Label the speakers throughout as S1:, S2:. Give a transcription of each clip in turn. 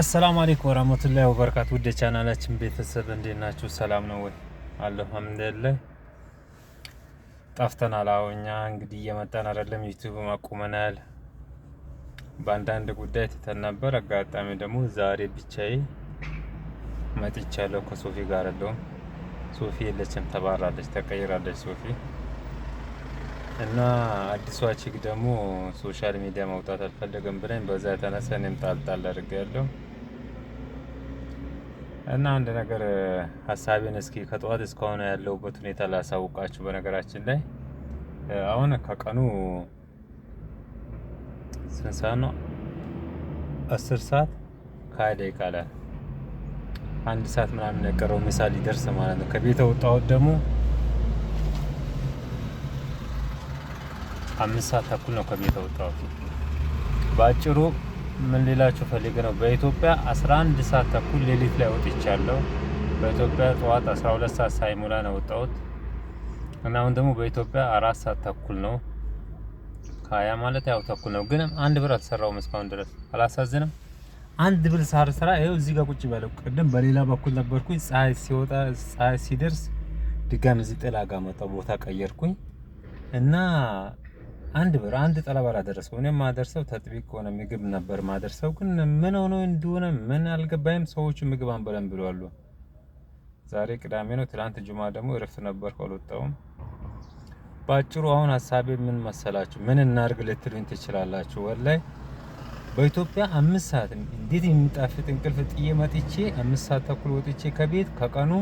S1: አሰላሙ አለይኩም ወራህመቱላሂ ወበረካቱ። ውድ ቻናላችን ቤተሰብ እንዴት ናችሁ? ሰላም ነው ወይ? አልሐምዱሊላህ ጠፍተናል። አዎ እኛ እንግዲህ እየመጣን አይደለም፣ ዩቲዩብ አቁመናል። በአንዳንድ ጉዳይ ትተን ነበር። አጋጣሚ ደግሞ ዛሬ ብቻዬ መጥቻለሁ። ከሶፊ ጋር አይደለሁም። ሶፊ የለችም፣ ተባራለች፣ ተቀይራለች ሶፊ እና አዲሷ ቺክ ደግሞ ሶሻል ሚዲያ መውጣት አልፈለገም ብለን በዛ የተነሳ እኔም ጣልጣል አድርጌያለሁ። እና አንድ ነገር ሀሳቤን እስኪ ከጠዋት እስካሁን ያለሁበት ሁኔታ ላሳውቃችሁ። በነገራችን ላይ አሁን ከቀኑ ስንት ሰዓት ነው? አስር ሰዓት ከሀያ ደቂቃ ላይ አንድ ሰዓት ምናምን የቀረው ምሳ ሊደርስ ማለት ነው። ከቤተ ወጣሁት ደግሞ አምስት ሰዓት ተኩል ነው ከቤተ ወጣሁት በአጭሩ ምን ሌላቸው ፈልግ ነው። በኢትዮጵያ 11 ሰዓት ተኩል ሌሊት ላይ ወጥቻለሁ። በኢትዮጵያ ጠዋት 12 ሰዓት ሳይሞላ ነው ወጣሁት እና አሁን ደግሞ በኢትዮጵያ አራት ሰዓት ተኩል ነው። ከሀያ ማለት ያው ተኩል ነው። ግን አንድ ብር አልሰራውም እስካሁን ድረስ አላሳዝንም። አንድ ብር ሳልሰራ ይኸው እዚህ ጋር ቁጭ ብያለሁ። ቅድም በሌላ በኩል ነበርኩኝ። ፀሐይ ሲወጣ ፀሐይ ሲደርስ ድጋሚ እዚህ ጥላ ጋር መጣሁ። ቦታ ቀየርኩኝ እና አንድ ብር አንድ ጠለብ አላደረስኩም። እኔም ማደርሰው ተጥቢቅ ከሆነ ምግብ ነበር ማደርሰው፣ ግን ምን ሆኖ እንደሆነ ምን አልገባኝም። ሰዎቹ ምግብ አንበለም ብለዋል። ዛሬ ቅዳሜ ነው። ትናንት ጁማ ደግሞ እረፍት ነበር፣ አልወጣሁም። በአጭሩ አሁን ሀሳቤ ምን መሰላችሁ? ምን እናርግ ልትሉኝ ትችላላችሁ። ወላይ በኢትዮጵያ አምስት ሰዓት እንዴት የሚጣፍጥ እንቅልፍ ጥዬ መጥቼ አምስት ሰዓት ተኩል ወጥቼ ከቤት ከቀኑ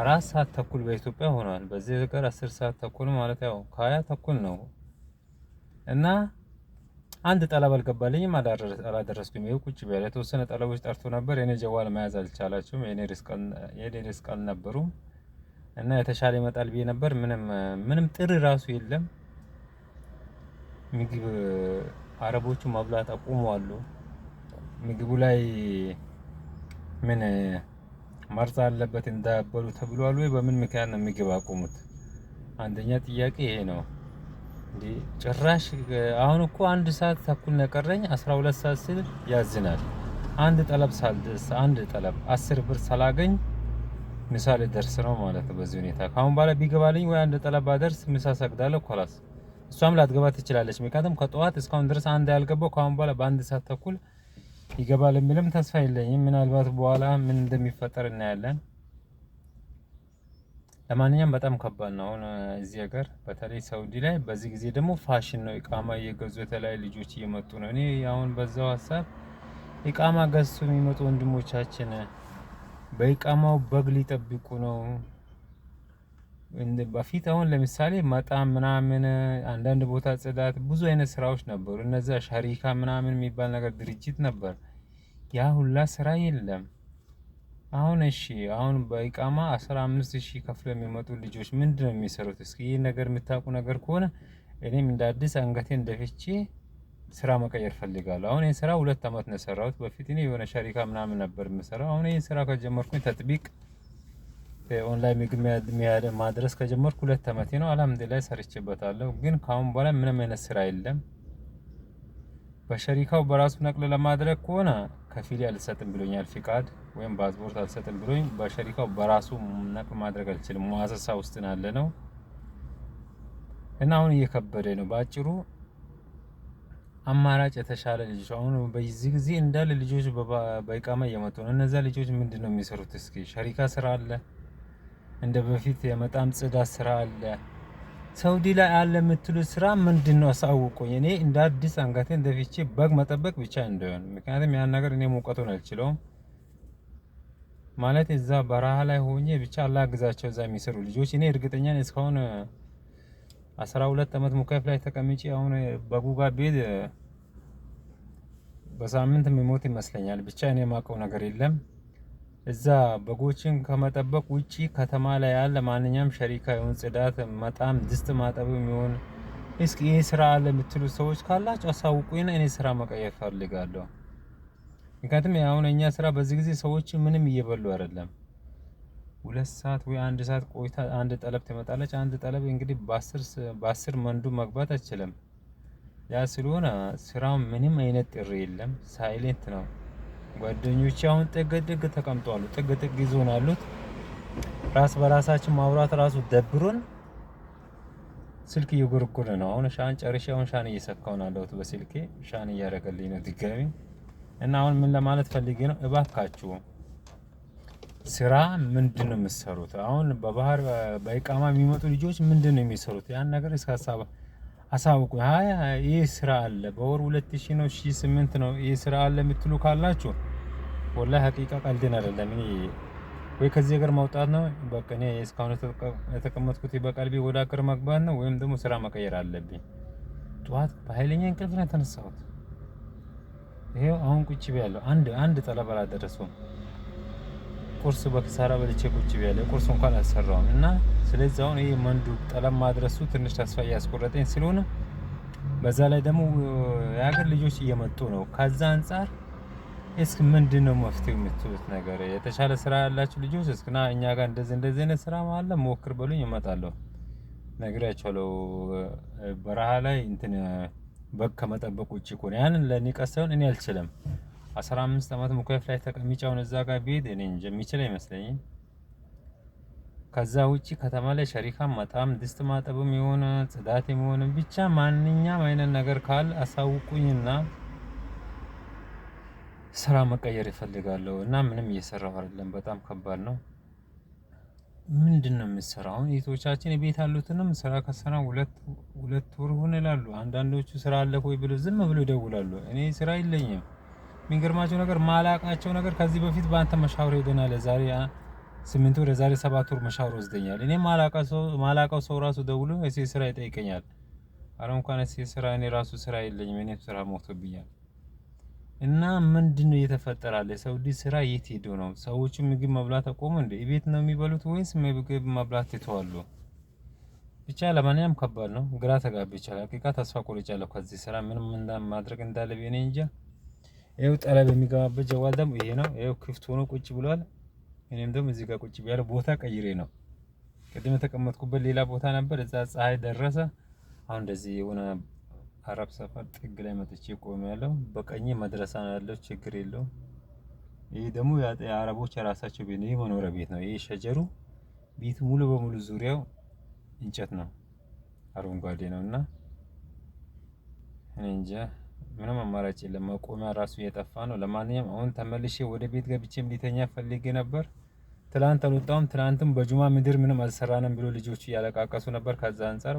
S1: አራት ሰዓት ተኩል በኢትዮጵያ ሆኗል። በዚህ ነገር አስር ሰዓት ተኩል ማለት ያው ከሀያ ተኩል ነው እና አንድ ጠለብ አልገባልኝም፣ አላደረስኩም። ይሄ ቁጭ ብያለሁ። የተወሰነ ጠለቦች ጠርቶ ነበር። የኔ ጀዋል መያዝ አልቻላችሁም። የኔ ሪስክ አልነበሩም እና የተሻለ ይመጣል ብዬ ነበር። ምንም ምንም ጥሪ ራሱ የለም። ምግብ አረቦቹ ማብላት አቁመዋል። ምግቡ ላይ ምን መርዝ አለበት እንዳያበሉ ተብሏል ወይ? በምን ምክንያት ነው ምግብ አቁሙት? አንደኛ ጥያቄ ይሄ ነው። ጭራሽ አሁን እኮ አንድ ሰዓት ተኩል ነቀረኝ 12 ሰዓት ሲል ያዝናል። አንድ ጠለብ ሳልደስ አንድ ጠለብ አስር ብር ሳላገኝ ምሳ ልደርስ ነው ማለት በዚህ ሁኔታ ካሁን በኋላ ቢገባልኝ ወይ አንድ ጠለብ ባደርስ ምሳ ሰግዳለሁ። ኮላስ እሷም ላትገባ ትችላለች። ምክንያቱም ከጠዋት እስካሁን ድረስ አንድ ያልገባው ካሁን በኋላ በአንድ ሰዓት ተኩል ይገባል የሚልም ተስፋ የለኝም። ምናልባት በኋላ ምን እንደሚፈጠር እናያለን። ለማንኛውም በጣም ከባድ ነው። አሁን እዚህ ሀገር በተለይ ሳውዲ ላይ በዚህ ጊዜ ደግሞ ፋሽን ነው። ኢቃማ እየገዙ የተለያዩ ልጆች እየመጡ ነው። እኔ አሁን በዛው ሀሳብ ኢቃማ ገዝቶ የሚመጡ ወንድሞቻችን በኢቃማው በግ ሊጠብቁ ነው። በፊት አሁን ለምሳሌ መጣም ምናምን አንዳንድ ቦታ ጽዳት፣ ብዙ አይነት ስራዎች ነበሩ። እነዚ ሸሪካ ምናምን የሚባል ነገር ድርጅት ነበር። ያ ሁላ ስራ የለም። አሁን እሺ አሁን በኢቃማ አስራ አምስት ሺህ ከፍለው የሚመጡ ልጆች ምንድነው የሚሰሩት? እስኪ ይህ ነገር የምታውቁ ነገር ከሆነ እኔም እንደ አዲስ አንገቴን ደፍቼ ስራ መቀየር ፈልጋለሁ። አሁን ይህን ስራ ሁለት አመት ነው የሰራሁት። በፊት እኔ የሆነ ሸሪካ ምናምን ነበር የምሰራው። አሁን ይህን ስራ ከጀመርኩኝ ተጥቢቅ ኦንላይን ምግብ ማድረስ ከጀመርኩ ሁለት አመት ነው። አልሐምዱሊላህ ሰርቼበታለሁ። ግን ከአሁን በኋላ ምንም አይነት ስራ የለም። በሸሪካው በራሱ ነቅል ለማድረግ ከሆነ ከፊል አልሰጥም ብሎኛል ፍቃድ ወይም ፓስፖርት አልሰጥም ብሎኝ በሸሪካው በራሱ ነቅ ማድረግ አልችልም። ሙአሰሳ ውስጥ አለ ነው እና አሁን እየከበደ ነው። በአጭሩ አማራጭ የተሻለ ልጆች አሁን በዚህ ጊዜ እንዳለ ልጆች በኢቃማ እየመጡ ነው። እነዛ ልጆች ምንድን ነው የሚሰሩት? እስኪ ሸሪካ ስራ አለ፣ እንደ በፊት የመጣም ጽዳት ስራ አለ። ሳውዲ ላይ አለ የምትሉት ስራ ምንድን ነው? አሳውቁኝ። እኔ እንደ አዲስ አንገቴን ደፍቼ በግ መጠበቅ ብቻ እንደሆነ፣ ምክንያቱም ያን ነገር እኔ ሙቀቱን አልችለውም። ማለት እዛ በረሃ ላይ ሆኜ ብቻ አላህ ግዛቸው እዛ የሚሰሩ ልጆች። እኔ እርግጠኛ ነኝ እስካሁን አስራ ሁለት አመት ሙከፍ ላይ ተቀምጬ አሁን በጉጋ ቤት በሳምንት የሚሞት ይመስለኛል። ብቻ እኔ የማውቀው ነገር የለም። እዛ በጎችን ከመጠበቅ ውጪ ከተማ ላይ ያለ ማንኛውም ሸሪካ ይሁን ጽዳት፣ መጣም፣ ድስት ማጠብ የሚሆን እስኪ ይህ ስራ አለ የምትሉ ሰዎች ካላችሁ አሳውቁኝና እኔ ስራ መቀየር ፈልጋለሁ። ምክንያቱም አሁን እኛ ስራ በዚህ ጊዜ ሰዎች ምንም እየበሉ አይደለም። ሁለት ሰዓት ወይ አንድ ሰዓት ቆይታ አንድ ጠለብ ትመጣለች። አንድ ጠለብ እንግዲህ በአስር በአስር መንዱ መግባት አይችልም። ያ ስለሆነ ስራው ምንም አይነት ጥሪ የለም፣ ሳይሌንት ነው። ጓደኞች አሁን ጥግ ጥግ ተቀምጠዋሉ፣ ጥግ ጥግ ይዞን አሉት። ራስ በራሳችን ማውራት ራሱ ደብሮን ስልክ እየጎረጎረ ነው። አሁን ሻን ጨርሼ አሁን ሻን እየሰካውን አለሁት በስልኬ ሻን እያደረገልኝ ነው ድጋሚ እና አሁን ምን ለማለት ፈልጌ ነው፣ እባካችሁ ስራ ምንድን ነው የምትሰሩት? አሁን በባህር በኢቃማ የሚመጡ ልጆች ምንድን ነው የሚሰሩት? ያን ነገር እስከ ሀሳብ አሳውቁ። ይህ ስራ አለ፣ በወር ሁለት ሺ ነው ሺ ስምንት ነው ይህ ስራ አለ የምትሉ ካላችሁ ወላ ሀቂቃ ቀልድን አይደለም። ወይ ከዚህ ሀገር ማውጣት ነው በቃ እኔ እስካሁን የተቀመጥኩት በቀልቤ ወደ ሀገር መግባት ነው ወይም ደግሞ ስራ መቀየር አለብኝ። ጠዋት በኃይለኛ እንቅልፍ ነው የተነሳሁት። ይሄው አሁን ቁጭ ብያለሁ። አንድ አንድ ጠለብ አላደረሰውም። ቁርስ በኪሳራ በልቼ ቁጭ ብያለሁ። ቁርስ እንኳን አልሰራውም እና ስለዚህ አሁን ይሄ መንዱ ጠለብ ማድረሱ ትንሽ ተስፋ እያስቆረጠኝ ስለሆነ በዛ ላይ ደግሞ የሀገር ልጆች እየመጡ ነው። ከዛ አንጻር እስኪ ምንድን ነው መፍትሄው የምትሉት ነገር የተሻለ ስራ ያላችሁ ልጆች እስኪና እኛ ጋር እንደዚህ እንደዚህ አይነት ስራ አለ ሞክር በሉኝ፣ እመጣለሁ። ነግሬያቸዋለሁ። በረሃ ላይ እንትን በግ ከመጠበቅ ውጭ እኮ ነው። ያንን ለንቀት ሳይሆን እኔ አልችልም። 15 ዓመት ሙከፍ ላይ ተቀምጫውን እዛ ጋር ቢሄድ እኔ እንጂ የሚችል አይመስለኝም። ከዛ ውጪ ከተማ ላይ ሸሪካም በጣም ድስት ማጠብም የሆነ ጽዳት የሆነ ብቻ ማንኛውም አይነት ነገር ካለ አሳውቁኝና ስራ መቀየር ይፈልጋለሁ እና ምንም እየሰራሁ አይደለም። በጣም ከባድ ነው። ምንድነው የምትሰራው? አሁን ቤቶቻችን የቤት ያሉትንም ስራ ከሰራ ሁለት ወር ሆነ ይላሉ። አንዳንዶቹ ስራ አለ ወይ ብሎ ዝም ብሎ ይደውላሉ። እኔ ስራ የለኝም። የሚገርማቸው ነገር ማላቃቸው ነገር ከዚህ በፊት በአንተ መሻወር ሄደናል። ዛሬ ስምንት ወር ዛሬ ሰባት ወር መሻወር ወስደኛል። እኔ ማላቃው ሰው ራሱ ደውሎ እሴ ስራ ይጠይቀኛል። አረ እንኳን እሴ ስራ እኔ ራሱ ስራ የለኝም። እኔ ስራ ሞቶብኛል። እና ምንድን ነው አለ? ሰው ልጅ ስራ የት ሄዶ ነው? ሰዎቹ ምግብ መብላት አቆሙ እንዴ? ቤት ነው የሚበሉት ወይስ ምግብ መብላት ይተዋሉ? ብቻ ለማንኛውም ከባድ ነው። ግራ ተጋብቻለሁ። ሀቂቃ ተስፋ ቆርጫለሁ ከዚህ ስራ ምንም ማድረግ እንዳለ እኔ እንጃ። ይኸው ጠለብ የሚገባበት ጀዋል ደግሞ ይሄ ነው። ይኸው ክፍት ሆኖ ቁጭ ብሏል። እኔም ደግሞ እዚህ ጋር ቁጭ ብያለሁ። ቦታ ቀይሬ ነው። ቅድም የተቀመጥኩበት ሌላ ቦታ ነበር። እዛ ፀሐይ ደረሰ። አሁን እንደዚህ የሆነ አረብ ሰፈር ጥግ ላይ መጥቼ ያለው በቀኝ መድረሳ ያለው፣ ችግር የለውም። ይህ ደግሞ የአረቦች የራሳቸው ቤት ነው። ይህ መኖሪያ ቤት ነው። ይህ ሸጀሩ ቤት ሙሉ በሙሉ ዙሪያው እንጨት ነው፣ አረንጓዴ ነው እና እኔ እንጃ ምንም አማራጭ የለም። መቆሚያ ራሱ እየጠፋ ነው። ለማንኛውም አሁን ተመልሼ ወደ ቤት ገብቼም ሊተኛ ፈልጌ ነበር። ትላንት አልወጣሁም። ትላንትም በጁማ ምድር ምንም አልሰራንም ብሎ ልጆቹ እያለቃቀሱ ነበር። ከዛ አንጻር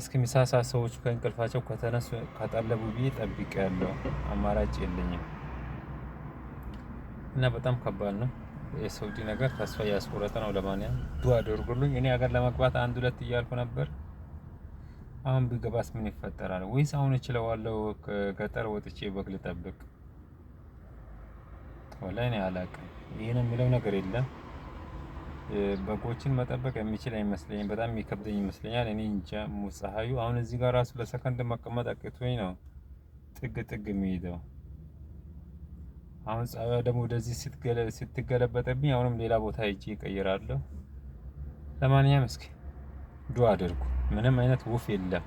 S1: እስከሚሳሳ ሰዎች ከእንቅልፋቸው ከተነሱ ካጠለቡ ብዬ ጠብቅ ያለው አማራጭ የለኝም እና በጣም ከባድ ነው። የሳውዲ ነገር ተስፋ ያስቆረጠ ነው። ለማንኛውም ዱአ አድርጉልኝ። እኔ ሀገር ለመግባት አንድ ሁለት እያልኩ ነበር። አሁን ቢገባስ ምን ይፈጠራል? ወይስ አሁን እችለዋለሁ? ገጠር ወጥቼ በግ ልጠብቅ? ወላሂ እኔ አላውቅም። ይሄን የሚለው ነገር የለም። በጎችን መጠበቅ የሚችል አይመስለኝም። በጣም የሚከብደኝ ይመስለኛል። እኔ እንጃ። ፀሐዩ አሁን እዚህ ጋር ራሱ ለሰከንድ መቀመጥ አቅቶኝ ነው ጥግ ጥግ የሚሄደው። አሁን ፀሐዩ ደግሞ ወደዚህ ስትገለበጠብኝ አሁንም ሌላ ቦታ ሂጄ ይቀይራለሁ። ለማንኛውም እስኪ ዱ አድርጉ። ምንም አይነት ውፍ የለም።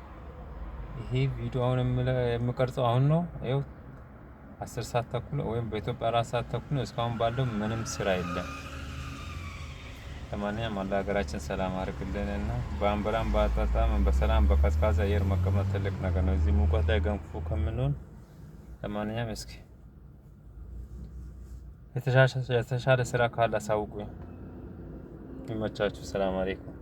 S1: ይሄ ቪዲዮ አሁን የምቀርጸው አሁን ነው። ይኸው አስር ሰዓት ተኩል ወይም በኢትዮጵያ አራት ሰዓት ተኩል ነው። እስካሁን ባለው ምንም ስራ የለም። ለማንኛውም አለ ሀገራችን ሰላም አድርግልን እና በአንበላም በአጣጣም በሰላም በቀዝቃዛ አየር መቀመጥ ትልቅ ነገር ነው። እዚህ ሙቀት ላይ ገንፎ ከምንሆን ለማንኛውም እስኪ የተሻለ ስራ ካለ አሳውቁኝ። ይመቻችሁ። ሰላም አለይኩም።